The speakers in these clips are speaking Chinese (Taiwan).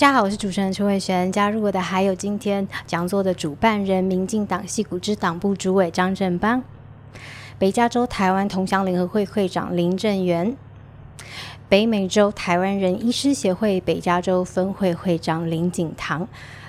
大家好，我是主持人陳偉璇，加入我的還有今天講座的主辦人，民進黨矽谷支黨部主委張正邦，北加州台灣同鄉聯合會會長林振元，北美洲台灣人醫師協會北加州分會會長林景堂。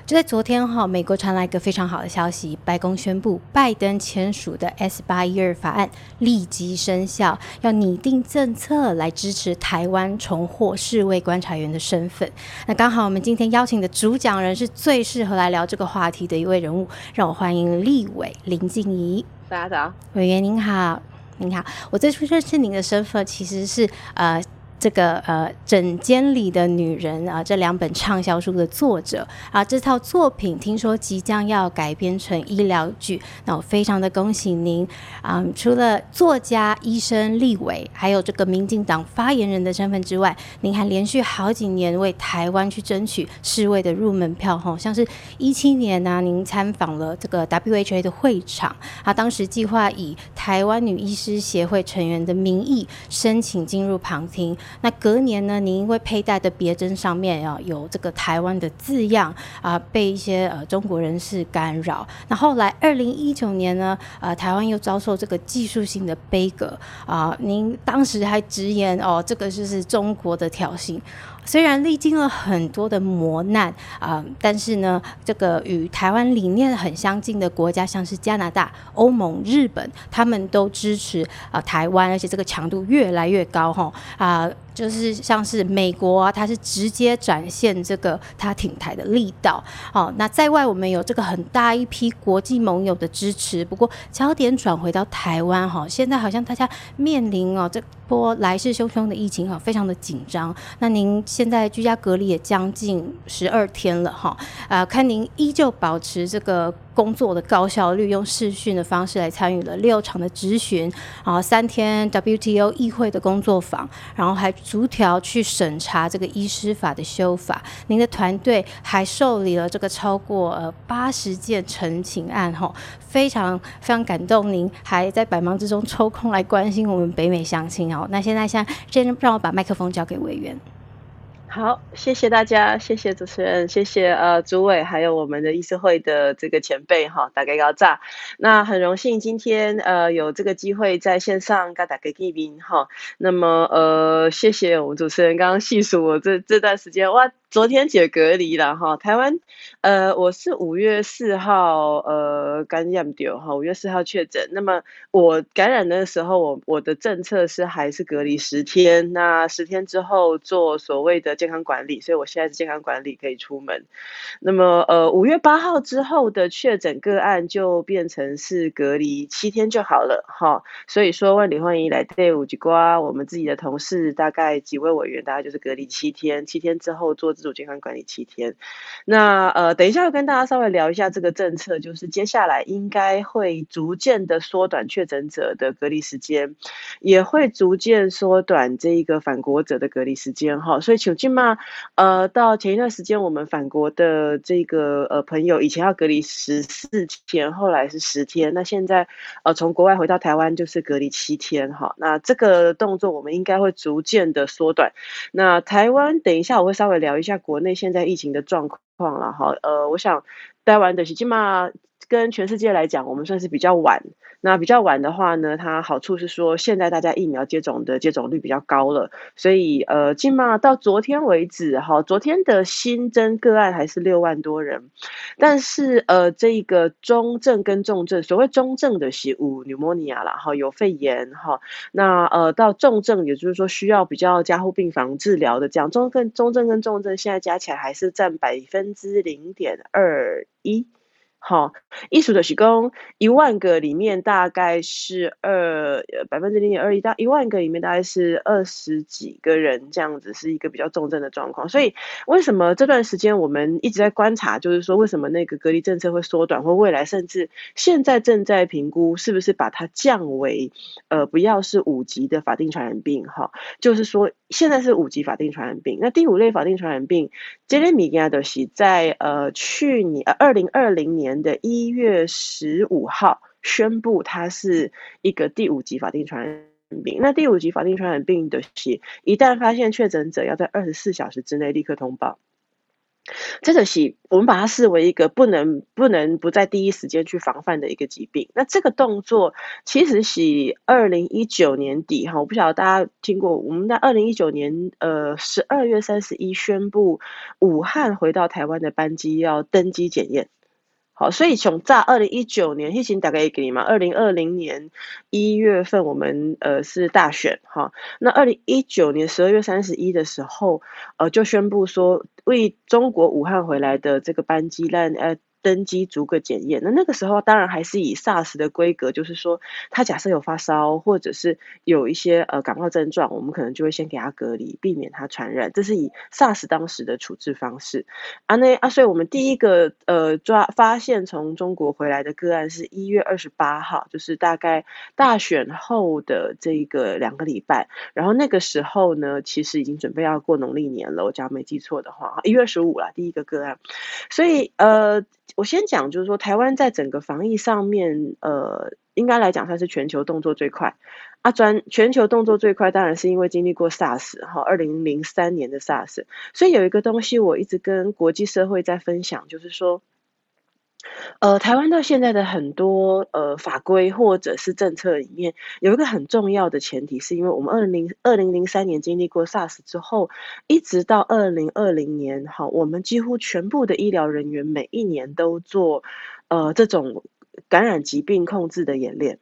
就在昨天哈、哦，美國傳來一個非常好的消息，白宮宣布，拜登簽署的 S 八一二法案，立即生效，要擬定政策來支持台灣重獲世衛觀察員的身份。那剛好我們今天邀請的主講人是最適合來聊這個話題的一位人物，讓我歡迎立委林靜儀。大家早，委員您好，您好，我最初認識您的身份其實是呃。這個呃，診間裡的女人啊、呃，這兩本暢銷書的作者啊，這套作品聽說即將要改編成醫療劇，那我非常的恭喜您啊、嗯！除了作家、醫生、立委，還有這個民進黨發言人的身份之外，您還連續好幾年為台灣去爭取世衛的入門票哈，像是一七年呢、啊，您參訪了這個 WHA 的會場啊，當時計劃以台灣女醫師協會成員的名義申請進入旁聽。那隔年呢，您因為佩戴的別針上面啊有這個台灣的字樣啊，被一些呃中國人士干擾。那後來二零一九年呢，呃台灣又遭受這個技術性的杯葛啊，您當時還直言哦，這個就是中國的挑釁。雖然歷經了很多的磨難啊、呃，但是呢，這個與台灣理念很相近的國家，像是加拿大、歐盟、日本，他們都支持啊、呃、台灣，而且這個強度越來越高哈啊。呃就是像是美國啊，它是直接展現這個它挺台的力道。好、哦，那在外我們有這個很大一批國際盟友的支持。不過焦點轉回到台灣哈，現在好像大家面臨哦這波來勢洶洶的疫情哈，非常的緊張。那您現在居家隔離也將近十二天了哈，啊、呃，看您依舊保持這個。工作的高效率，用視訊的方式來參與了六場的諮詢，然後三天 WTO 議會的工作坊，然後還逐條去審查這個醫師法的修法。您的團隊還受理了這個超過八十件陳情案，吼，非常非常感動。您還在百忙之中抽空來關心我們北美鄉親哦。那現在先，先讓我把麥克風交給委員。好，謝謝大家，謝謝主持人，謝謝呃，主委還有我們的醫師會的這個前輩哈、哦，大家高炸。那很榮幸今天呃有這個機會在線上跟大家見面哈。那麼呃，謝謝我們主持人剛剛細數我這這段時間哇。昨天解隔離了哈，台灣，呃，我是五月四號，呃，感染掉哈，五月四號確診。那麼我感染的時候，我我的政策是還是隔離十天，那十天之後做所謂的健康管理，所以我現在是健康管理，可以出門。那麼，呃，五月八號之後的確診個案就變成是隔離七天就好了哈。所以說，萬里歡迎來對五雞瓜，我們自己的同事大概幾位委員，大家就是隔離七天，七天之後做。自主健康管理七天，那呃，等一下要跟大家稍微聊一下這個政策，就是接下來應該會逐漸的縮短確診者的隔離時間，也會逐漸縮短這一個返國者的隔離時間哈。所以，請俊嘛，呃，到前一段時間，我們返國的這個呃朋友，以前要隔離十四天，後來是十天，那現在呃從國外回到台灣就是隔離七天哈。那這個動作我們應該會逐漸的縮短。那台灣，等一下我會稍微聊一下。在國內現在疫情的狀況了哈，呃，我想待完的是起碼。跟全世界來講，我們算是比較晚。那比較晚的話呢，它好處是說，現在大家疫苗接種的接種率比較高了。所以，呃，起碼到昨天為止，哈，昨天的新增個案還是六萬多人。但是，呃，這一個中症跟重症，所謂中症的是 pneumonia 啦。了，哈，有肺炎，哈。那呃，到重症，也就是說需要比較加護病房治療的這樣中症，中症中症跟重症現在加起來還是占百分之零點二一。好、哦，藝術的是工，一萬個裡面大概是二、呃、百分之零點二一，到一萬個裡面大概是二十幾個人這樣子是一個比較重症的狀況。所以為什麼這段時間我們一直在觀察，就是說為什麼那個隔離政策會縮短，或未來甚至現在正在評估是不是把它降為呃不要是五級的法定傳染病？哈、哦，就是說。現在是五級法定傳染病。那第五類法定傳染病，傑里米亞就是在呃去年呃二零二零年的一月十五號宣布，它是一個第五級法定傳染病。那第五級法定傳染病就是，一旦發現確診者，要在二十四小時之內立刻通報。這個是，我們把它視為一個不能不能不在第一時間去防範的一個疾病。那這個動作其實是二零一九年底哈，我不曉得大家聽過，我們在二零一九年呃十二月三十一宣布，武漢回到台灣的班機要登機檢驗。好，所以從在二零一九年疫情大概給你嘛，二零二零年一月份我們呃是大選哈，那二零一九年十二月三十一的時候，呃就宣布說為中國武漢回來的這個班機濫呃。登機逐個檢驗。那那個時候當然還是以 SARS 的規格，就是說，他假設有發燒或者是有一些呃感冒症狀，我們可能就會先給他隔離，避免他傳染。這是以 SARS 當時的處置方式。啊，那啊，所以我們第一個呃抓發現從中國回來的個案是一月二十八號，就是大概大選後的這一個兩個禮拜。然後那個時候呢，其實已經準備要過農曆年了。我假如沒記錯的話，一月二十五了第一個個案。所以呃。我先講，就是說台灣在整個防疫上面，呃，應該來講算是全球動作最快。阿專，全球動作最快，當然是因為經歷過 SARS 哈，二零零三年的 SARS。所以有一個東西，我一直跟國際社會在分享，就是說。呃，台灣到現在的很多呃，法規或者是政策裡面，有一個很重要的前提，是因為我們二零二零零三年經歷過 SARS 之後，一直到二零二零年，好，我們幾乎全部的醫療人員每一年都做呃，這種感染疾病控制的演練。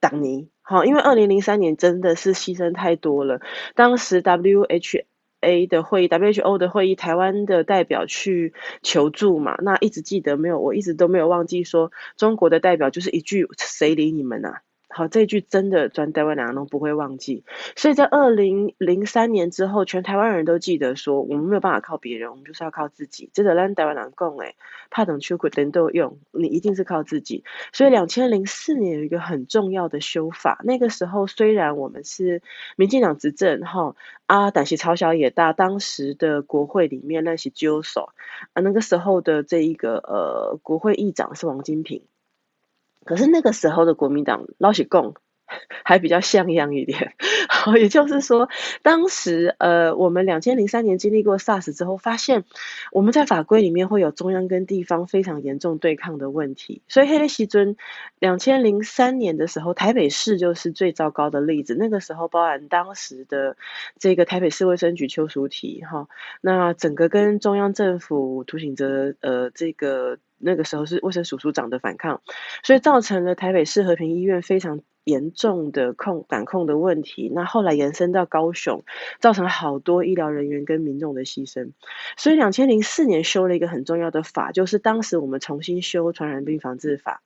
當年，好，因為二零零三年真的是犧牲太多了，當時 WH A 的會議，WHO 的會議，台灣的代表去求助嘛？那一直記得沒有，我一直都沒有忘記說，中國的代表就是一句“誰理你們吶、啊”。好，這一句真的全台灣人都不會忘記，所以在二零零三年之後，全台灣人都記得說，我們沒有辦法靠別人，我們就是要靠自己。這個讓台灣人講誒怕等缺國人都用，你一定是靠自己。所以二千零四年有一個很重要的修法，那個時候雖然我們是民進黨執政哈，啊，但是朝小野大，當時的國會裡面那些糾手啊，那個時候的這一個呃國會議長是王金平。可是那個時候的國民黨老實講還比較像樣一點， 也就是說，當時呃，我們二千零三年經歷過 SARS 之後，發現我們在法規裡面會有中央跟地方非常嚴重對抗的問題。所以黑列西尊，二千零三年的時候，台北市就是最糟糕的例子。那個時候，包含當時的這個台北市衛生局邱淑媞，哈，那整個跟中央政府圖形着呃這個。那個時候是衛生署署長的反抗，所以造成了台北市和平醫院非常嚴重的控管控的問題。那後，後來延伸到高雄，造成好多醫療人員跟民眾的犧牲。所以2004年修了一個很重要的法，就是當時我們重新修傳染病防治法。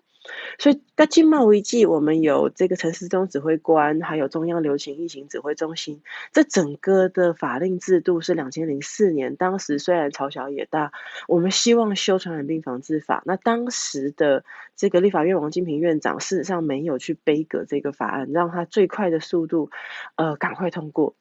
所以在經貿危機，我們有這個陳世忠指揮官，還有中央流行疫情指揮中心，這整個的法令制度是兩千零四年。當時雖然嘲小也大，我們希望修傳染病防治法。那當時的這個立法院王金平院長，事實上沒有去背革這個法案，讓他最快的速度，呃，趕快通過。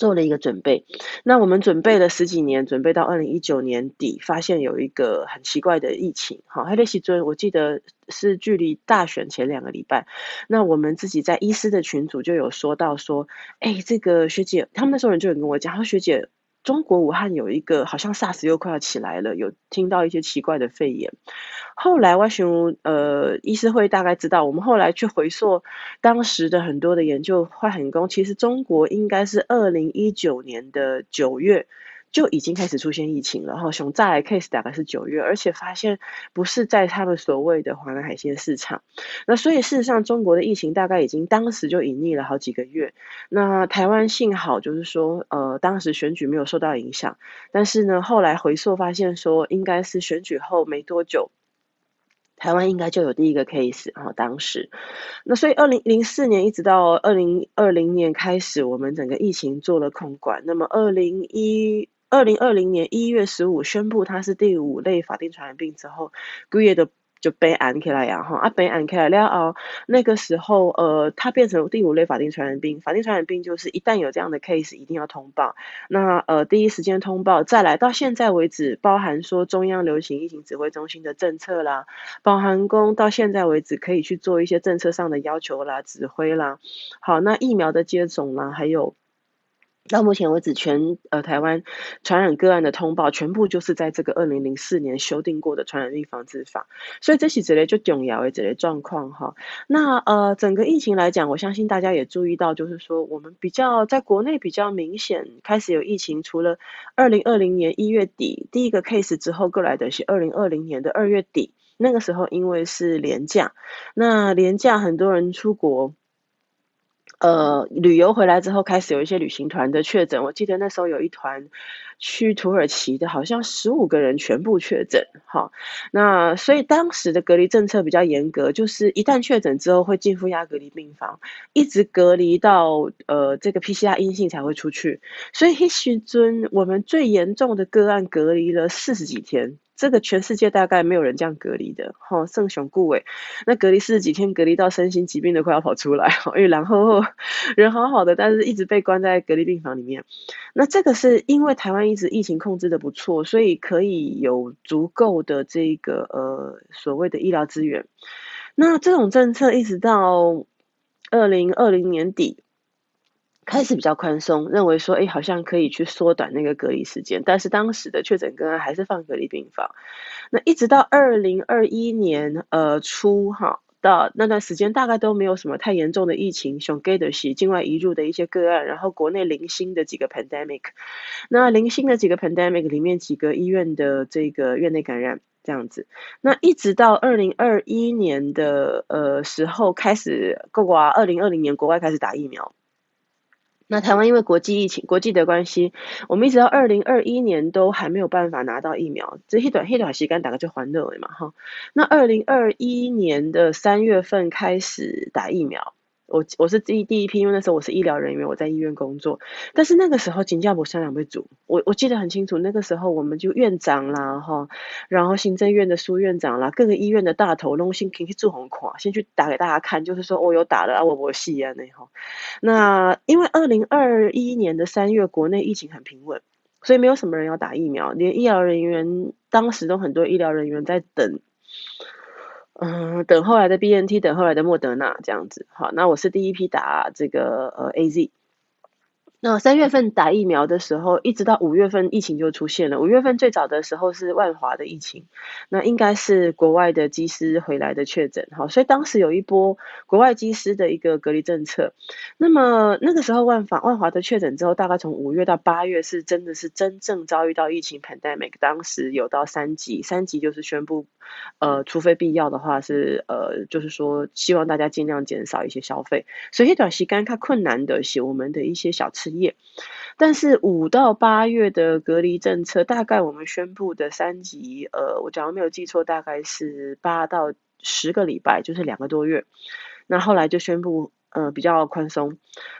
做了一個準備，那我們準備了十幾年，準備到二零一九年底，發現有一個很奇怪的疫情。好，哈雷希尊，我記得是距離大選前兩個禮拜，那我們自己在醫師的群組就有說到說，誒、欸，這個學姐，他們那時候人就有跟我講，他說學姐。中國武漢有一個好像 SARS 又快要起來了，有聽到一些奇怪的肺炎。後來外巡呃，醫師會大概知道，我們後來去回溯當時的很多的研究，花很工。其實中國應該是二零一九年的九月。就已經開始出現疫情了，後最早的 case 大概是九月，而且發現不是在他們所謂的華南海鮮市場。那所以事實上，中國的疫情大概已經當時就隱匿了好幾個月。那台灣幸好就是說，呃，當時選舉沒有受到影響，但是呢，後來回溯發現說，應該是選舉後沒多久，台灣應該就有第一個 case 後、哦、當時。那所以二零零四年一直到二零二零年開始，我們整個疫情做了控管。那麼二零一。二零二零年一月十五宣布，它是第五類法定傳染病之後，g u 的就被安起來呀哈，啊被安起來了哦。那個時候呃，它變成第五類法定傳染病。法定傳染病就是一旦有這樣的 case，一定要通報。那呃，第一時間通報，再來到現在為止，包含說中央流行疫情指揮中心的政策啦，包含工到現在為止可以去做一些政策上的要求啦、指揮啦。好，那疫苗的接種啦，還有。到目前為止，全、呃台灣傳染個案的通報，全部就是在這個二零零四年修訂過的傳染病防治法，所以這系類就重要的一類狀況哈。那呃整個疫情來講，我相信大家也注意到，就是說我們比較在國內比較明顯開始有疫情，除了二零二零年一月底第一個 case 之後過來的是二零二零年的二月底，那個時候因為是連假，那連假很多人出國。呃，旅遊回來之後開始有一些旅行團的確診。我記得那時候有一團去土耳其的，好像十五個人全部確診。哈，那所以當時的隔離政策比較嚴格，就是一旦確診之後會進負壓隔離病房，一直隔離到呃這個 PCR 陰性才會出去。所以那時我們最嚴重的個案隔離了四十幾天。這個全世界大概沒有人這樣隔離的，吼，聖雄顧偉，那隔離四十幾天，隔離到身心疾病都快要跑出來，哦、因為然後人好好的，但是一直被關在隔離病房裡面。那這個是因為台灣一直疫情控制的不錯，所以可以有足夠的這個呃所謂的醫療資源。那這種政策一直到二零二零年底。開始比較寬鬆，認為說，哎、欸，好像可以去縮短那個隔離時間，但是當時的確診個案還是放隔離病房。那一直到二零二一年呃初哈，到那段時間大概都沒有什麼太嚴重的疫情，從境外移入的一些個案，然後國內零星的幾個 pandemic，那零星的幾個 pandemic 裡面幾個醫院的這個院內感染這樣子。那一直到二零二一年的呃時候開始，各國啊，二零二零年國外開始打疫苗。那台灣因為國際疫情、國際的關係，我們一直到二零二一年都還沒有辦法拿到疫苗。就那段那段時間打個最歡樂的嘛，哈。那二零二一年的三月份開始打疫苗。我我是第第一批，因為那時候我是醫療人員，我在醫院工作。但是那個時候請假，我三兩被組。我我記得很清楚，那個時候我們就院長啦，哈，然後行政院的蘇院長啦，各個醫院的大頭攏先去做紅卡，先去打給大家看，就是說我，哦，有打了啊，我我吸煙的哈。那因為二零二一年的三月，國內疫情很平穩，所以沒有什麼人要打疫苗，連醫療人員當時都很多醫療人員在等。嗯，等後來的 BNT，等後來的莫德納這樣子。好，那我是第一批打這個呃 AZ。那三月份打疫苗的時候，一直到五月份疫情就出現了。五月份最早的時候是萬華的疫情，那應該是國外的機師回來的確診，哈，所以當時有一波國外機師的一個隔離政策。那麼那個時候萬法萬華的確診之後，大概從五月到八月是真的是真正遭遇到疫情 pandemic，當時有到三級，三級就是宣布，呃，除非必要的話是呃，就是說希望大家盡量減少一些消費。所以短時間，它困難的是我們的一些小吃。業，但是五到八月的隔離政策，大概我們宣布的三級，呃，我假如沒有記錯，大概是八到十個禮拜，就是兩個多月。那後來就宣布，呃，比較寬鬆。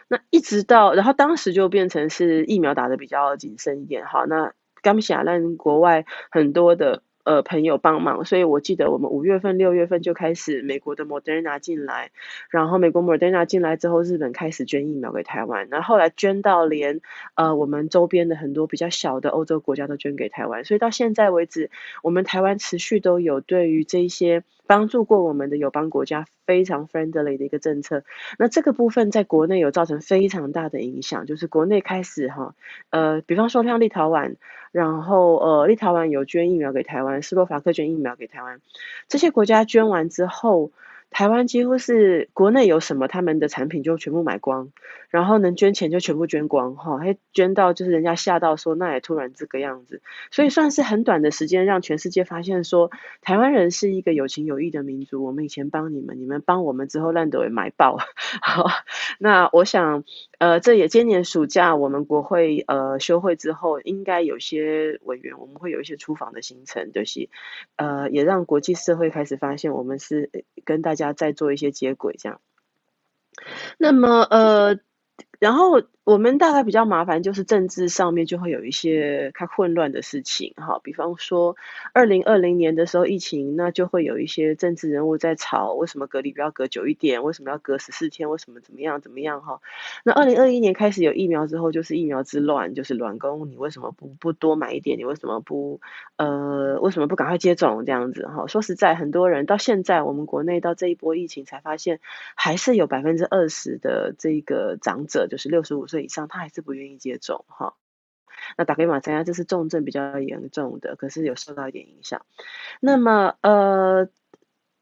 那一直到，然後當時就變成是疫苗打得比較謹慎一點。好，那剛想讓國外很多的。呃，朋友幫忙，所以我記得我們五月份、六月份就開始美國的 Moderna 進來，然後美國 Moderna 進來之後，日本開始捐疫苗給台灣，然後後來捐到連呃我們周邊的很多比較小的歐洲國家都捐給台灣，所以到現在為止，我們台灣持續都有對於這些幫助過我們的友邦國家非常 friendly 的一個政策。那這個部分在國內有造成非常大的影響，就是國內開始哈，呃，比方說像立陶宛，然後呃，立陶宛有捐疫苗給台灣。斯洛伐克捐疫苗給台灣，這些國家捐完之後，台灣幾乎是國內有什麼，他們的產品就全部買光，然後能捐錢就全部捐光，齁，還捐到就是人家嚇到說，那也突然這個樣子，所以算是很短的時間讓全世界發現說，台灣人是一個有情有義的民族，我們以前幫你們，你們幫我們之後，爛德也買爆，好，那我想。呃，這也今年暑假我們國會呃休會之後，應該有些委員我們會有一些出訪的行程，就是呃，也讓國際社會開始發現我們是跟大家在做一些接軌，這樣。那麼呃，然後。我們大概比較麻煩，就是政治上面就會有一些它混亂的事情，哈，比方說二零二零年的時候疫情，那就會有一些政治人物在吵，為什麼隔離不要隔久一點？為什麼要隔十四天？為什麼怎麼樣怎麼樣？哈，那二零二一年開始有疫苗之後，就是疫苗之亂，就是亂攻，你為什麼不不多買一點？你為什麼不呃，為什麼不趕快接種這樣子？哈，說實在，很多人到現在，我們國內到這一波疫情才發現，還是有百分之二十的這個長者，就是六十五。所以上，他還是不願意接種哈、哦。那打給馬三亞，就是重症比較嚴重的，可是，有受到一點影響。那麼呃，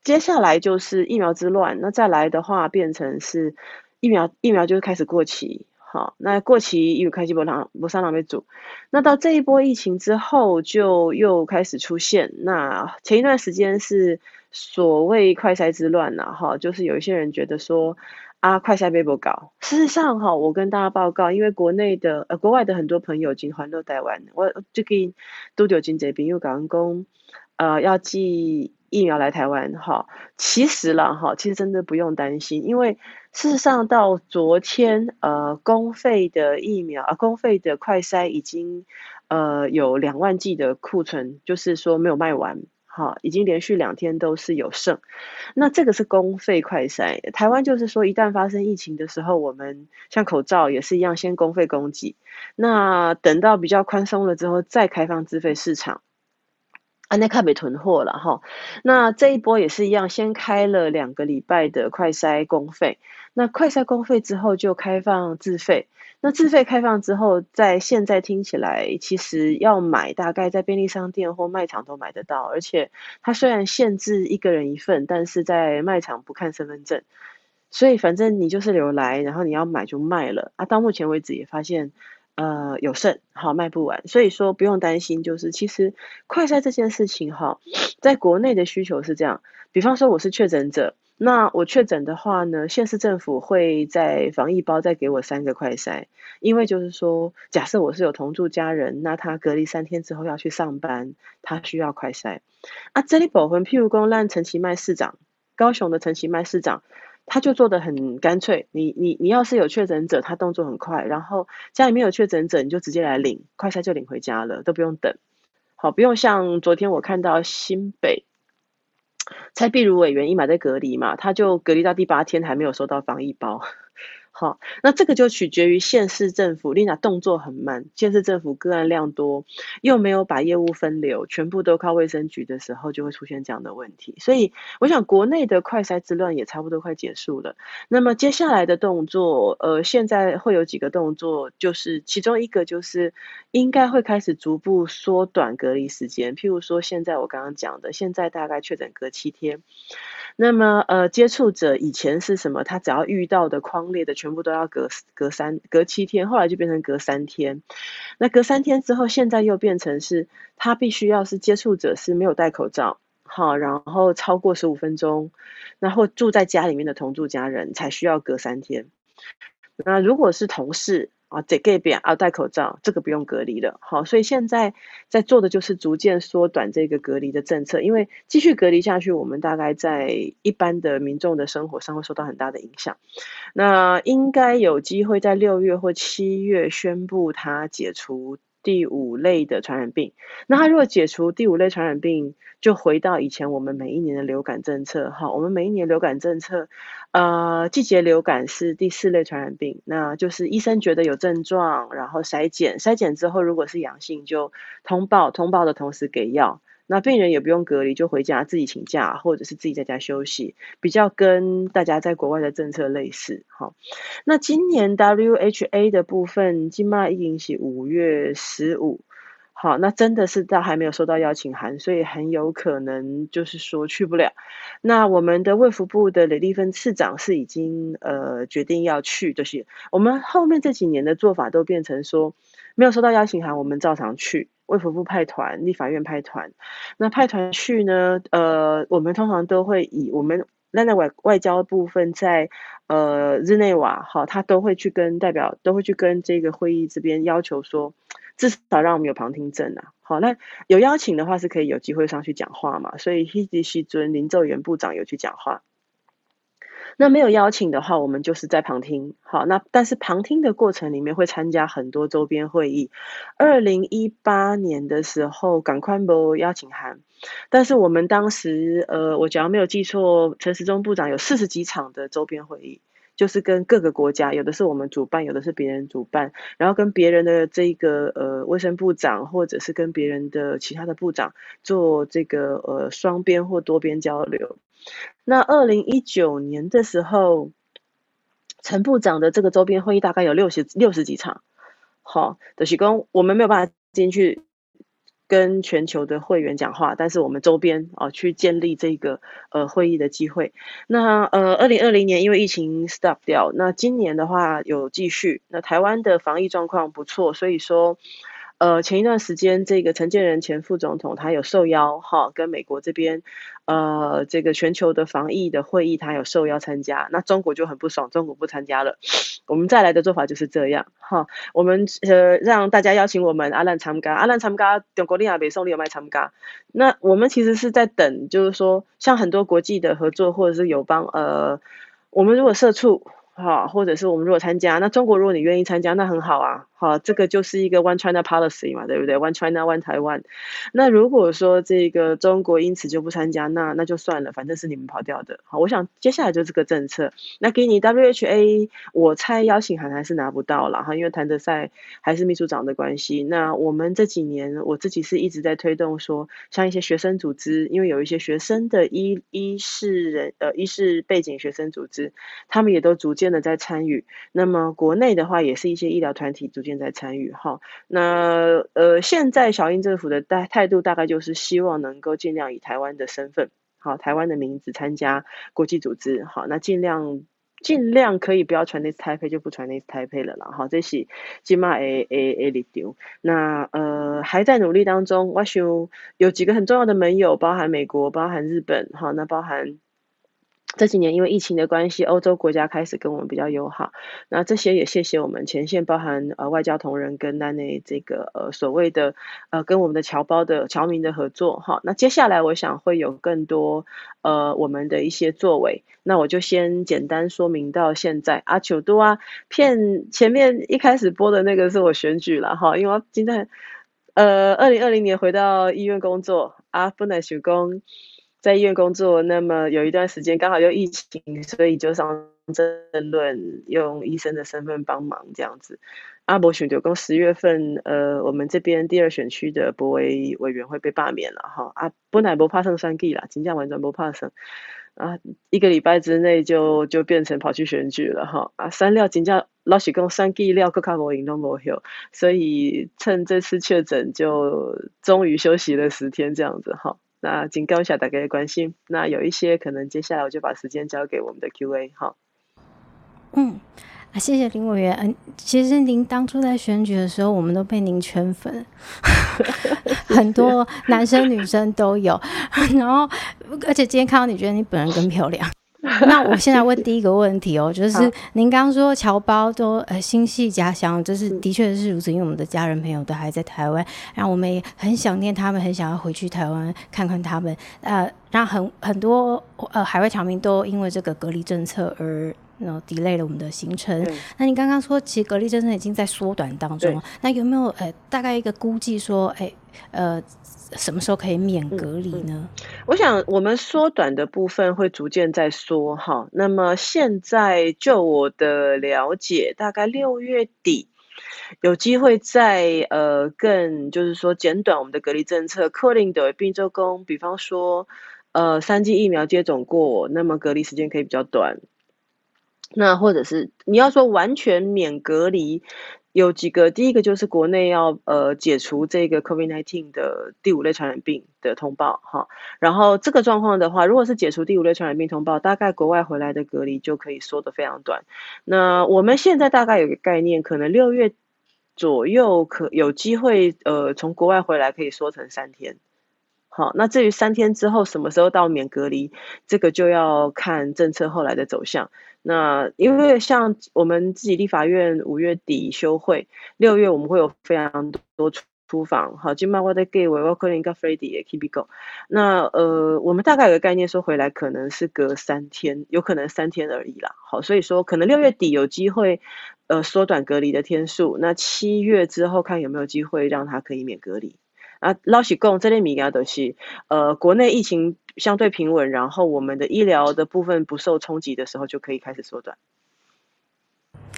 接下來就是疫苗之亂。那再來的話，變成是疫苗疫苗就開始過期，好、哦，那過期又開始波浪波三浪為主。那到這一波疫情之後，就又開始出現。那前一段時間是所謂快篩之亂吶、啊，哈、哦，就是有一些人覺得說。啊，快篩買不夠。事實上，哈，我跟大家報告，因為國內的呃，國外的很多朋友已經還到台灣，我最近都有接到兵，因為港工，呃，要寄疫苗來台灣，哈，其實了，哈，其實真的不用擔心，因為事實上到昨天，呃，公費的疫苗啊、呃，公費的快篩已經，呃，有兩萬劑的庫存，就是說沒有賣完。好，已經連續兩天都是有剩，那這個是公費快篩。台灣就是說，一旦發生疫情的時候，我們像口罩也是一樣，先公費供給，那等到比較寬鬆了之後，再開放自費市場。安那卡沒囤貨了哈，那這一波也是一樣，先開了兩個禮拜的快篩公費，那快篩公費之後就開放自費，那自費開放之後，在現在聽起來其實要買大概在便利商店或賣場都買得到，而且它雖然限制一個人一份，但是在賣場不看身份證，所以反正你就是留來，然後你要買就賣了啊！到目前為止也發現。呃，有剩好賣不完，所以說不用擔心。就是其實快篩這件事情哈，在國內的需求是這樣。比方說我是確診者，那我確診的話呢，縣市政府會在防疫包再給我三個快篩，因為就是說，假設我是有同住家人，那他隔離三天之後要去上班，他需要快篩啊。這裡補充，譬如說讓陳其邁市長，高雄的陳其邁市長。他就做的很乾脆，你你你要是有確診者，他動作很快，然後家裡面有確診者，你就直接來領，快篩就領回家了，都不用等。好，不用像昨天我看到新北蔡壁如委員一買在隔離嘛，他就隔離到第八天還沒有收到防疫包。好、哦，那這個就取決於縣市政府，Lina 動作很慢，縣市政府個案量多，又沒有把業務分流，全部都靠衛生局的時候，就會出現這樣的問題。所以，我想國內的快篩之亂也差不多快結束了。那麼接下來的動作，呃，現在會有幾個動作，就是其中一個就是應該會開始逐步縮短隔離時間，譬如說現在我剛剛講的，現在大概確診隔七天。那麼，呃，接觸者以前是什麼？他只要遇到的匡列的，全部都要隔隔三隔七天，後來就變成隔三天。那隔三天之後，現在又變成是，他必須要是接觸者是沒有戴口罩，好，然後超過十五分鐘，然後住在家裡面的同住家人才需要隔三天。那如果是同事，啊，得給別人啊，戴口罩，這個不用隔離了。好，所以現在在做的就是逐漸縮短這個隔離的政策，因為繼續隔離下去，我們大概在一般的民眾的生活上會受到很大的影響。那應該有機會在六月或七月宣布它解除。第五類的傳染病，那他如果解除第五類傳染病，就回到以前我們每一年的流感政策。哈，我們每一年流感政策，呃，季節流感是第四類傳染病，那就是醫生覺得有症狀，然後篩檢，篩檢之後如果是陽性，就通報，通報的同時給藥。那病人也不用隔離，就回家自己請假，或者是自己在家休息，比較跟大家在國外的政策類似。好，那今年 WHA 的部分，金馬已經是五月十五，好，那真的是到還沒有收到邀請函，所以很有可能就是說去不了。那我們的衛福部的李麗芬次長是已經呃決定要去，就是我們後面這幾年的做法都變成說，沒有收到邀請函，我們照常去。衛福部派團，立法院派團，那派團去呢？呃，我們通常都會以我們那那外外交部分在呃日內瓦，哈，他都會去跟代表，都會去跟這個會議這邊要求說，至少讓我們有旁聽證啊。好，那有邀請的話是可以有機會上去講話嘛。所以，黑迪西尊林奏延部長有去講話。那沒有邀請的話，我們就是在旁聽。好，那但是旁聽的過程裡面會參加很多周邊會議。二零一八年的時候，趕快播邀請函。但是我們當時，呃，我只要沒有記錯，陳時中部長有四十幾場的周邊會議。就是跟各個國家，有的是我們主辦，有的是別人主辦，然後跟別人的這個呃衛生部長，或者是跟別人的其他的部長做這個呃雙邊或多邊交流。那二零一九年的時候，陳部長的這個周邊會議大概有六十六十幾場，好、哦、的、就是跟，我們沒有辦法進去。跟全球的會員講話，但是我們周邊啊去建立這個呃會議的機會。那呃，二零二零年因為疫情 stop 掉，那今年的話有繼續。那台灣的防疫狀況不錯，所以說。呃，前一段時間，這個陳建仁前副總統他有受邀哈，跟美國這邊，呃，這個全球的防疫的會議，他有受邀參加。那中國就很不爽，中國不參加了。我們再來的做法就是這樣哈，我們呃讓大家邀請我們阿蘭參加，阿蘭參加，中國利亞北送裡有賣參加。那我們其實是在等，就是說，像很多國際的合作或者是友邦，呃，我們如果社畜。好，或者是我們如果參加，那中國如果你願意參加，那很好啊。好，這個就是一個 One China Policy 嘛，對不對？One China One 台灣，那如果說這個中國因此就不參加，那那就算了，反正是你們跑掉的。好，我想接下來就這個政策。那給你 WHA，我猜邀請函還是拿不到了哈，因為譚德塞還是秘書長的關係。那我們這幾年我自己是一直在推動說，像一些學生組織，因為有一些學生的醫醫事人呃醫事背景學生組織，他們也都逐漸。真的在參與，那麼國內的話也是一些醫療團體逐漸在參與哈。那呃，現在小英政府的態態度大概就是希望能夠盡量以台灣的身份，好台灣的名字參加國際組織，好那盡量盡量可以不要傳 Chinese Taipei 就不傳 Chinese Taipei 了啦。好，這是起碼會會會裡那呃還在努力當中，我想有幾個很重要的盟友，包含美國，包含日本，好那包含。這幾年因為疫情的關係，歐洲國家開始跟我們比較友好。那這些也謝謝我們前線，包含呃外交同仁跟那內這個呃所謂的呃跟我們的僑胞的僑民的合作哈。那接下來我想會有更多呃我們的一些作為。那我就先簡單說明到現在。阿九度啊，片前面一開始播的那個是我選舉了哈，因為我今天呃二零二零年回到醫院工作。啊不能學功。在醫院工作，那麼有一段時間剛好又疫情，所以就上政論，用醫生的身份幫忙這樣子。阿伯選局公十月份，呃，我們這邊第二選區的柏惟委員會被罷免了哈。阿不乃不怕生三 G 啦，真正完全不怕生啊，一個禮拜之內就就變成跑去選舉了哈。啊，三料真正，老許跟三 G 料克卡莫贏都莫有，所以趁這次確診就終於休息了十天這樣子哈。吼那警告一下大家的關心。那有一些可能接下來我就把時間交給我們的 Q&A。哈。嗯，啊，謝謝林委員。嗯、啊，其實您當初在選舉的時候，我們都被您圈粉， 很多男生女生都有。 然後，而且今天看到你覺得你本人更漂亮。 那我現在問第一個問題哦，就是您剛剛說僑胞都呃心繫家鄉，就是的確是如此，嗯，因為我們的家人朋友都還在台灣，然後我們也很想念他們，很想要回去台灣看看他們。呃，讓很很多呃海外僑民都因為這個隔離政策而那種，呃、delay 了我們的行程。嗯、那你剛剛說，其實隔離政策已經在縮短當中，那有沒有呃大概一個估計說，哎，呃？呃什麼時候可以免隔離呢？嗯嗯？我想我們縮短的部分會逐漸再縮哈。那麼現在就我的了解，大概六月底有機會再呃更就是說簡短我們的隔離政策。克、嗯、林、嗯、的病州工，比方說呃三劑疫苗接種過，那麼隔離時間可以比較短。那或者是你要說完全免隔離。有幾個，第一個就是國內要呃解除這個 COVID-19 的第五類傳染病的通報哈，然後這個狀況的話，如果是解除第五類傳染病通報，大概國外回來的隔離就可以縮得非常短。那我們現在大概有個概念，可能六月左右可有機會呃從國外回來可以縮成三天。好，那至於三天之後什麼時候到免隔離，這個就要看政策後來的走向。那因為像我們自己立法院五月底休會，六月我們會有非常多出訪好，今麥瓜再給維沃克林格弗迪也 keep it go。那呃，我們大概有個概念，說回來可能是隔三天，有可能三天而已啦。好，所以說可能六月底有機會，呃，縮短隔離的天數。那七月之後看有沒有機會讓他可以免隔離。啊，老實說這類物件都是，呃，國內疫情相對平穩，然後我們的醫療的部分不受衝擊的時候，就可以開始縮短。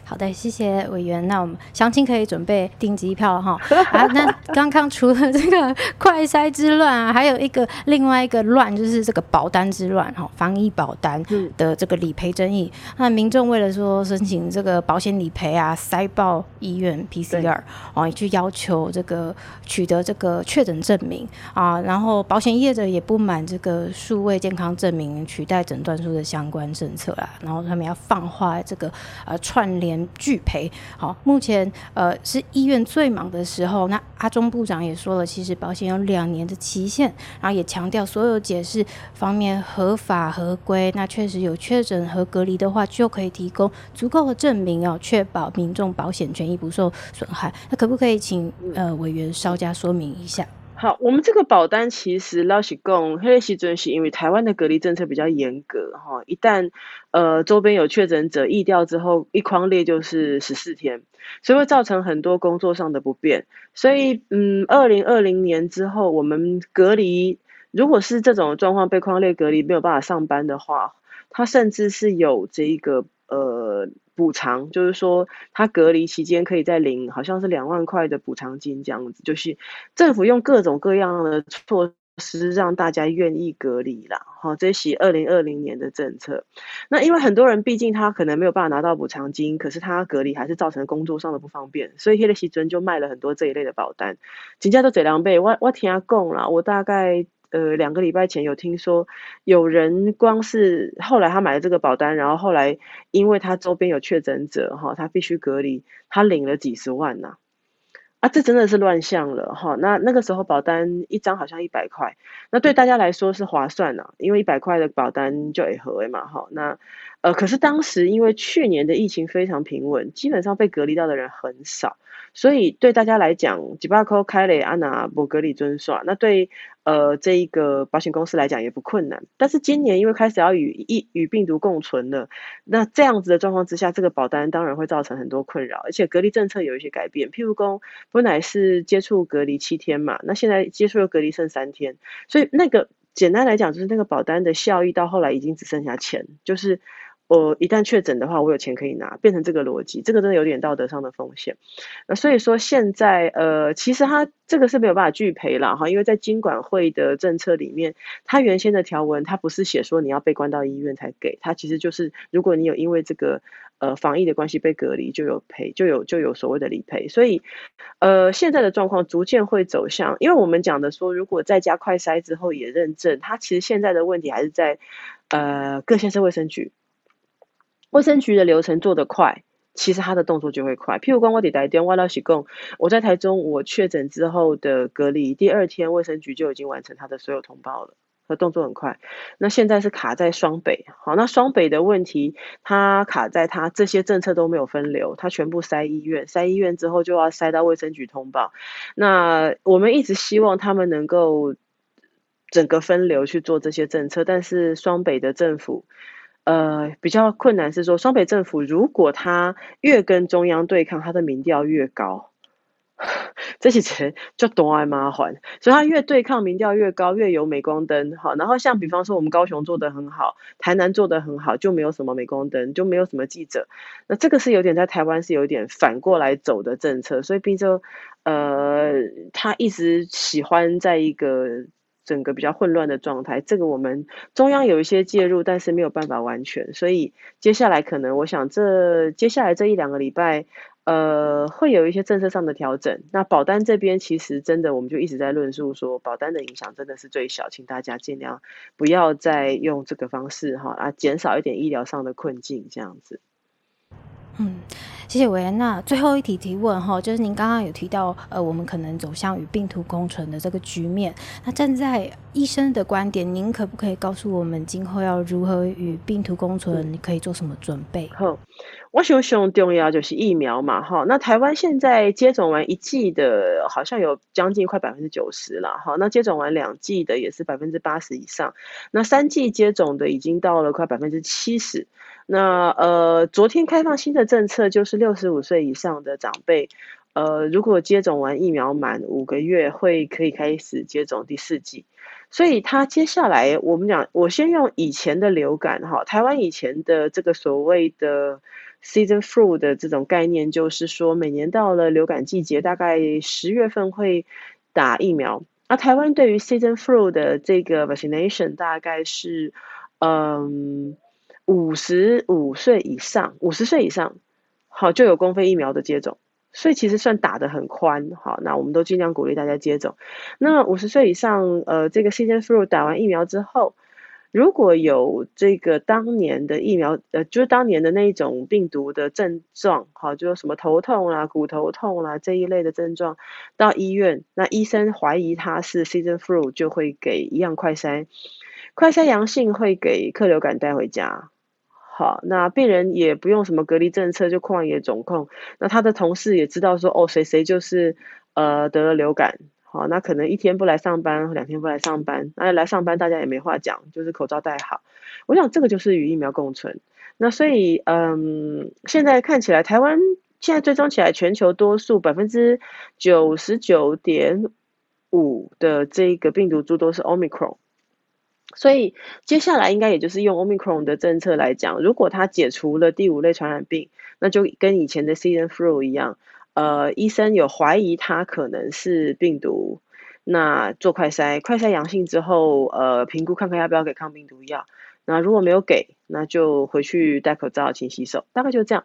好的，謝謝委員。那我們探親可以準備訂機票哈。 啊，那剛剛除了這個快篩之亂，啊，還有一個另外一個亂就是這個保單之亂哈，防疫保單的這個理賠爭議。那民眾為了說申請這個保險理賠啊，嗯、塞爆醫院 PCR 啊，去要求這個取得這個確診證明啊，然後保險業者也不滿這個數位健康證明取代診斷書的相關政策啊，然後他們要放話這個呃串。連拒賠，好，目前呃是醫院最忙的時候。那阿中部長也說了，其實保險有兩年的期限，然後也強調所有解釋方面合法合規。那確實有確診和隔離的話，就可以提供足夠的證明哦，確保民眾保險權益不受損害。那可不可以請呃委員稍加說明一下？好，我們這個保單其實老實講，那時候是因為台灣的隔離政策比較嚴格哈，一旦呃，周邊有確診者，疫調之後，一匡列就是十四天，所以會造成很多工作上的不便。所以，嗯，二零二零年之後，我們隔離如果是這種狀況被匡列隔離，沒有辦法上班的話，他甚至是有這個呃補償，就是說他隔離期間可以再領，好像是兩萬塊的補償金這樣子。就是政府用各種各樣的措是讓大家願意隔離了，哈，這是二零二零年的政策。那因為很多人，畢竟他可能沒有辦法拿到補償金，可是他隔離還是造成工作上的不方便，所以 Helix 尊就賣了很多這一類的保單。請假都這兩倍，我我聽他講了，我大概呃兩個禮拜前有聽說有人光是後來他買了這個保單，然後後來因為他周邊有確診者哈，他必須隔離，他領了幾十萬吶。啊，這真的是亂象了哈。那那個時候保單一張好像一百塊，那對大家來說是划算吶、啊，因為一百塊的保單就也合誒嘛哈。那呃，可是當時因為去年的疫情非常平穩，基本上被隔離到的人很少，所以對大家來講，吉巴可開雷、安拿無格利、尊算。那對。呃，這一個保險公司來講也不困難，但是今年因為開始要與疫與病毒共存了，那這樣子的狀況之下，這個保單當然會造成很多困擾，而且隔離政策有一些改變，譬如說本來是接觸隔離七天嘛，那現在接觸又隔離剩三天，所以那個簡單來講，就是那個保單的效益到後來已經只剩下錢，就是。我一旦確診的話，我有錢可以拿，變成這個邏輯，這個真的有點道德上的風險。那所以說現在，呃，其實他這個是沒有辦法拒賠了哈，因為在金管會的政策裡面，他原先的條文，他不是寫說你要被關到醫院才給他，它其實就是如果你有因為這個呃防疫的關係被隔離，就有賠，就有就有所謂的理賠。所以，呃，現在的狀況逐漸會走向，因為我們講的說，如果在家快篩之後也認證，他其實現在的問題還是在呃各縣市衛生局。衛生局的流程做得快，其實他的動作就會快。譬如講我得台中外道西貢，我,我在台中，我確診之後的隔離第二天，衛生局就已經完成他的所有通報了，他動作很快。那現在是卡在雙北，好，那雙北的問題，他卡在他這些政策都沒有分流，他全部塞醫院，塞醫院之後就要塞到衛生局通報。那我們一直希望他們能夠整個分流去做這些政策，但是雙北的政府。呃，比較困難是說，雙北政府如果他越跟中央對抗，他的民調越高，呵呵這些錢就多愛麻煩，所以他越對抗，民調越高，越有鎂光燈。好，然後像比方說我們高雄做得很好，台南做得很好，就沒有什麼鎂光燈，就沒有什麼記者。那這個是有點在台灣是有點反過來走的政策，所以畢竟，呃，他一直喜歡在一個。整個比較混亂的狀態，這個我們中央有一些介入，但是沒有辦法完全。所以接下來可能，我想這接下來這一兩個禮拜，呃，會有一些政策上的調整。那保單這邊其實真的，我們就一直在論述說，保單的影響真的是最小，請大家盡量不要再用這個方式哈，啊減少一點醫療上的困境這樣子。嗯，謝謝維安娜。最後一題提問哈，就是您剛剛有提到，呃，我們可能走向與病毒共存的這個局面。那站在醫生的觀點，您可不可以告訴我們，今後要如何與病毒共存？你可以做什麼準備？嗯、好，我想先重要就是疫苗嘛。哈，那台灣現在接種完一劑的，好像有將近快百分之九十了。哈，那接種完兩劑的也是百分之八十以上。那三劑接種的已經到了快百分之七十。那呃，昨天開放新的政策，就是六十五歲以上的長輩，呃，如果接種完疫苗滿五個月，會可以開始接種第四劑。所以他接下來，我們講，我先用以前的流感哈，台灣以前的這個所謂的 season flu 的這種概念，就是說每年到了流感季節，大概十月份會打疫苗。那台灣對於 season flu 的這個 vaccination 大概是嗯。五十五歲以上，五十歲以上，好，就有公費疫苗的接種，所以其實算打得很寬，好，那我們都盡量鼓勵大家接種。那五十歲以上，呃，這個 season flu 打完疫苗之後，如果有這個當年的疫苗，呃，就是當年的那一種病毒的症狀，好，就有什麼頭痛啦、啊、骨頭痛啦、啊、這一類的症狀，到醫院，那醫生懷疑他是 season flu，就會給一樣快篩，快篩陽性會給克流感帶回家。好，那病人也不用什麼隔離政策，就匡列總控。那他的同事也知道說，哦，誰誰就是呃得了流感。好，那可能一天不來上班，兩天不來上班，那來上班大家也沒話講，就是口罩戴好。我想這個就是與疫苗共存。那所以，嗯，現在看起來，台灣現在追蹤起來，全球多數百分之九十九點五的這個病毒株都是 Omicron。所以接下來應該也就是用 Omicron 的政策來講，如果他解除了第五類傳染病，那就跟以前的 Season Flu 一樣。呃，醫生有懷疑他可能是病毒，那做快篩，快篩陽性之後，呃，評估看看要不要給抗病毒藥。那如果沒有給，那就回去戴口罩、勤洗手，大概就這樣。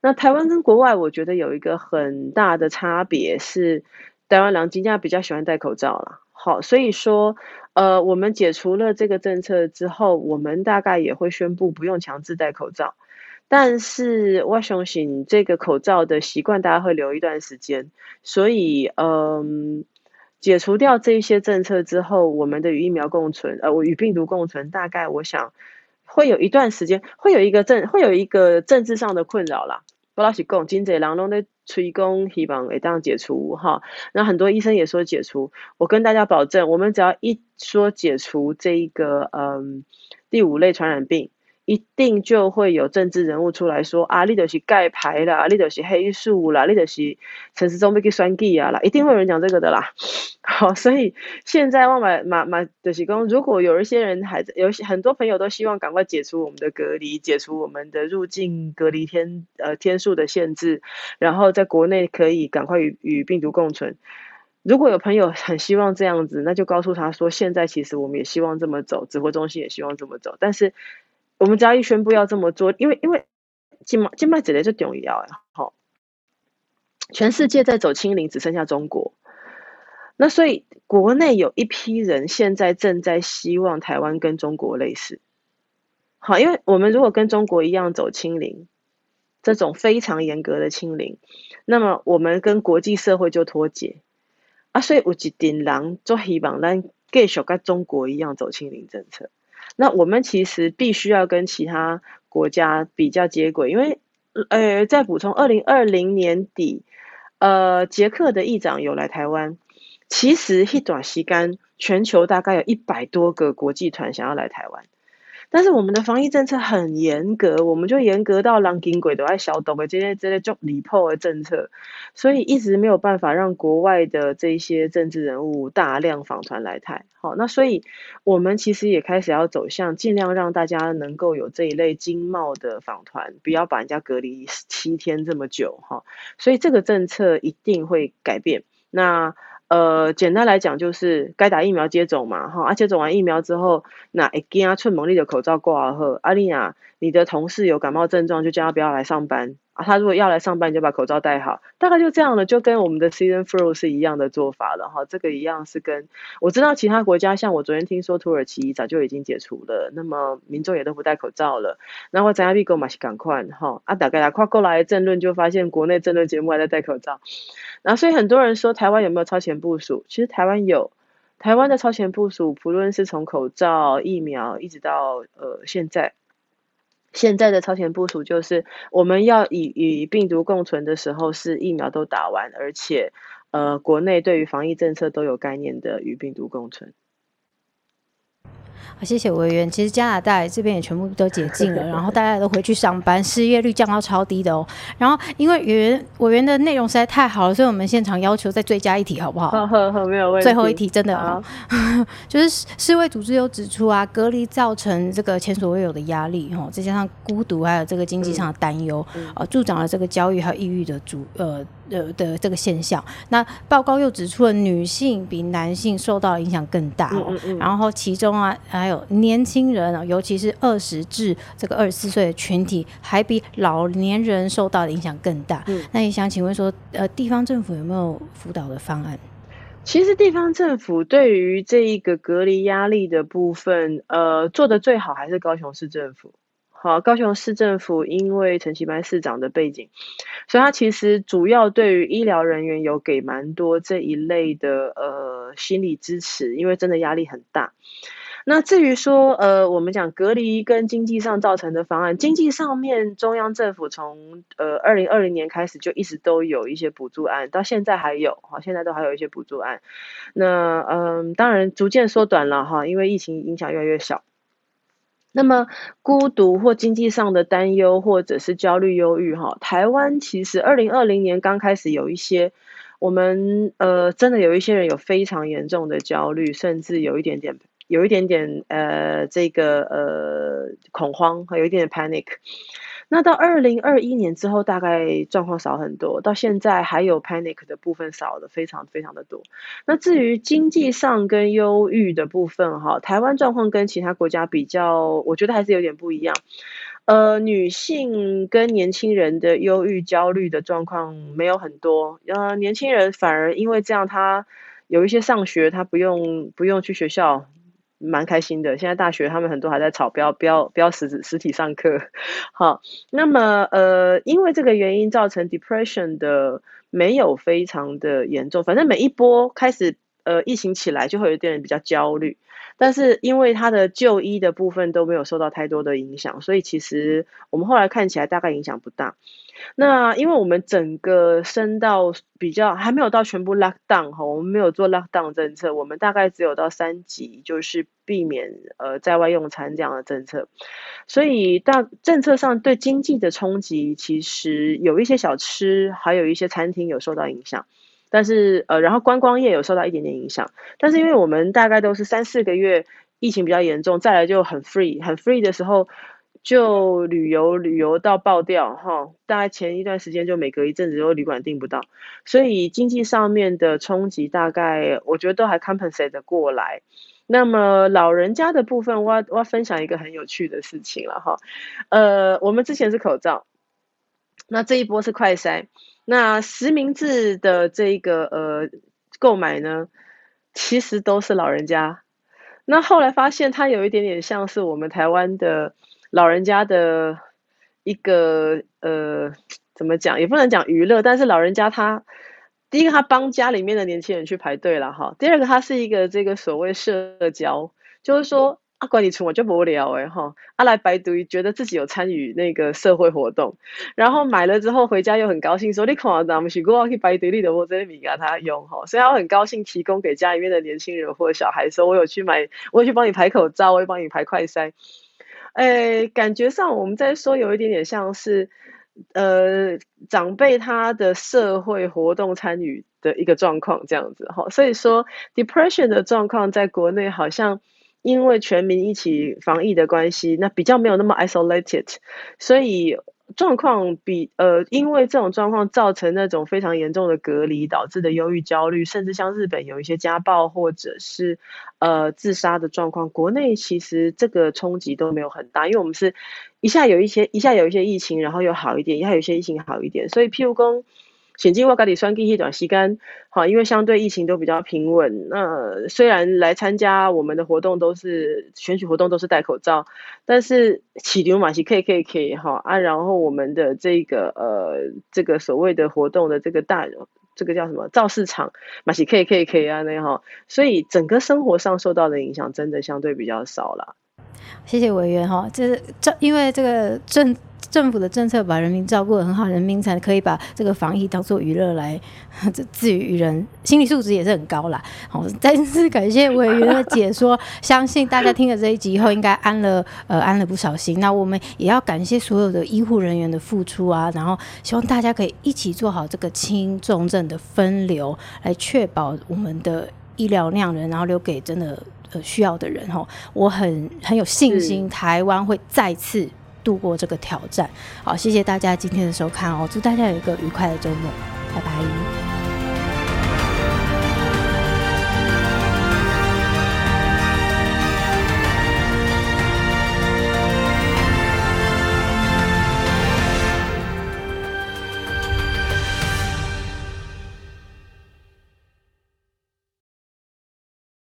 那台灣跟國外，我覺得有一個很大的差別是，台灣人現在比較喜歡戴口罩了。好，所以說。呃，我們解除了這個政策之後，我們大概也會宣布不用強制戴口罩，但是我相信這個口罩的習慣，大家會留一段時間。所以，嗯、呃，解除掉這些政策之後，我們的疫苗共存，呃，我與病毒共存，大概我想會有一段時間，會有一個政，會有一個政治上的困擾啦。不拉許共金賊狼龍的。吹功，希望也當解除哈。那很多醫生也說解除，我跟大家保證，我們只要一說解除這一個嗯，第五類傳染病。一定就會有政治人物出來說啊，你就是蓋牌啦，你就是黑數啦，你就是陳時中被給算計啊啦，一定會有人講這個的啦。好，所以現在旺仔馬馬德西公，如果有一些人還在，有很多朋友都希望趕快解除我們的隔離，解除我們的入境隔離天呃天數的限制，然後在國內可以趕快與與病毒共存。如果有朋友很希望這樣子，那就告訴他說，現在其實我們也希望這麼走，指揮中心也希望這麼走，但是。我們只要一宣布要這麼做，因為因為金麥金麥姐姐就同意了呀。好、啊哦，全世界在走清零，只剩下中國。那所以國內有一批人現在正在希望台灣跟中國類似。好，因為我們如果跟中國一樣走清零，這種非常嚴格的清零，那麼我們跟國際社會就脫節。啊，所以有一點人就希望能繼續跟中國一樣走清零政策。那我們其實必須要跟其他國家比較接軌，因為，呃，再補充，二零二零年底，呃，捷克的議長有來台灣，其實一段時間，全球大概有一百多個國際團想要來台灣。但是我們的防疫政策很嚴格，我們就嚴格到狼、a 鬼、都愛小懂的這些這些就 o b l 的政策，所以一直沒有辦法讓國外的這些政治人物大量訪團來泰。好，那所以我們其實也開始要走向盡量讓大家能夠有這一類經貿的訪團，不要把人家隔離七天這麼久哈。所以這個政策一定會改變。那。呃，簡單來講就是該打疫苗接種嘛，哈，而且種完疫苗之後，那一定要穿猛力的口罩掛好呵。阿麗娜，你的同事有感冒症狀，就叫他不要來上班。他如果要來上班，就把口罩戴好，大概就這樣了，就跟我們的 Season Flu 是一樣的做法了哈。這個一樣是跟我知道其他國家，像我昨天聽說土耳其早就已經解除了，那麼民眾也都不戴口罩了。然後我才要被狗罵，趕快哈！啊，大概他跨過來爭論，就發現國內政論節目還在戴口罩。然後所以很多人說台灣有沒有超前部署？其實台灣有，台灣的超前部署，不論是從口罩、疫苗，一直到呃現在。現在的超前部署就是，我們要以與病毒共存的時候，是疫苗都打完，而且，呃，國內對於防疫政策都有概念的與病毒共存。啊、謝謝委員。其實加拿大這邊也全部都解禁了，然後大家都回去上班， 失業率降到超低的哦。然後因為委員委員的內容實在太好了，所以我們現場要求再追加一題，好不好？呵呵呵，沒有問題。最後一題真的啊， 就是世衛組織有指出啊，隔離造成這個前所未有的壓力，吼，再加上孤獨還有這個經濟上的擔憂、嗯嗯呃，助長了這個焦慮還有抑鬱的主呃。的的這個現象，那報告又指出了，女性比男性受到影響更大，嗯嗯然後其中啊還有年輕人啊，尤其是二十至這個二十四歲的群體，還比老年人受到的影響更大。嗯、那也想請問說，呃，地方政府有沒有輔導的方案？其實地方政府對於這一個隔離壓力的部分，呃，做得最好還是高雄市政府。好，高雄市政府因為陳其邁市長的背景，所以他其實主要對於醫療人員有給蠻多這一類的呃心理支持，因為真的壓力很大。那至於說呃我們講隔離跟經濟上造成的方案，經濟上面中央政府從呃二零二零年開始就一直都有一些補助案，到現在還有哈，現在都還有一些補助案。那嗯、呃，當然逐漸縮短了哈，因為疫情影響越來越小。那麼孤獨或經濟上的擔憂，或者是焦慮、憂鬱，台灣其實二零二零年剛開始有一些，我們呃，真的有一些人有非常嚴重的焦慮，甚至有一點點，有一點點呃，這個呃恐慌，還有一點點 panic。那到二零二一年之後，大概狀況少很多。到現在還有 panic 的部分少的非常非常的多。那至於經濟上跟憂鬱的部分，哈，台灣狀況跟其他國家比較，我覺得還是有點不一樣。呃，女性跟年輕人的憂鬱焦慮的狀況沒有很多。呃，年輕人反而因為這樣，他有一些上學，他不用不用去學校。蠻開心的，現在大學他們很多還在吵，不要不要不要實實體上課。好，那麼呃，因為這個原因造成 depression 的沒有非常的嚴重，反正每一波開始呃疫情起來，就會有點人比較焦慮。但是因為它的就醫的部分都沒有受到太多的影響，所以其實我們後來看起來大概影響不大。那因為我們整個升到比較還沒有到全部 lock down 哈，我們沒有做 lock down 政策，我們大概只有到三級，就是避免呃在外用餐這樣的政策，所以大政策上對經濟的衝擊，其實有一些小吃，還有一些餐廳有受到影響。但是呃，然後觀光業有受到一點點影響，但是因為我們大概都是三四個月疫情比較嚴重，再來就很 free 很 free 的時候就旅遊旅遊到爆掉哈、哦，大概前一段時間就每隔一陣子都旅館訂不到，所以經濟上面的衝擊大概我覺得都還 compensate 的過來。那麼老人家的部分我要，我我分享一個很有趣的事情了哈、哦，呃，我們之前是口罩，那這一波是快篩。那實名制的這個呃購買呢，其實都是老人家。那後來發現他有一點點像是我們台灣的老人家的一個呃怎麼講，也不能講娛樂，但是老人家他第一個他幫家裡面的年輕人去排隊了哈，第二個他是一個這個所謂社交，就是說。啊，管理村我就無聊誒哈，啊來排隊覺得自己有參與那個社會活動，然後買了之後回家又很高興說，說你看咱們去，我去排隊你的我這個名啊，他用哈，所以他很高興提供給家裡面的年輕人或者小孩說，說我有去買，我去幫你排口罩，我會幫你排快篩。誒，感覺上我們在說有一點點像是，呃，長輩他的社會活動參與的一個狀況這樣子哈，所以說 depression 的狀況在國內好像。因為全民一起防疫的關係，那比較沒有那麼 isolated，所以狀況比呃，因為這種狀況造成那種非常嚴重的隔離導致的憂鬱、焦慮，甚至像日本有一些家暴或者是呃自殺的狀況，國內其實這個衝擊都沒有很大，因為我們是一下有一些，一下有一些疫情，然後又好一點，一下有一些疫情好一點，所以譬如說。我自己選舉那段期間哈，因為相對疫情都比較平穩。那雖然來參加我們的活動都是選舉活動都是戴口罩，但是起流馬西 K K K 哈啊，然後我們的這個呃這個所謂的活動的這個大這個叫什麼造勢場馬西 K K K 啊那樣哈，所以整個生活上受到的影響真的相對比較少了。謝謝委員哈，這這因為這個政。政府的政策把人民照顧得很好，人民才可以把這個防疫當做娛樂，來自娛娛人，心理素質也是很高啦。好、哦，再次感謝委員的解說， 相信大家聽了這一集以後，應該安了呃，安了不少心。那我們也要感謝所有的醫護人員的付出啊，然後希望大家可以一起做好這個輕重症的分流，來確保我們的醫療量能，然後留給真的呃需要的人。哈、哦，我很很有信心，台灣會再次度過這個挑戰，好，謝謝大家今天的收看哦，祝大家有一個愉快的周末，拜拜。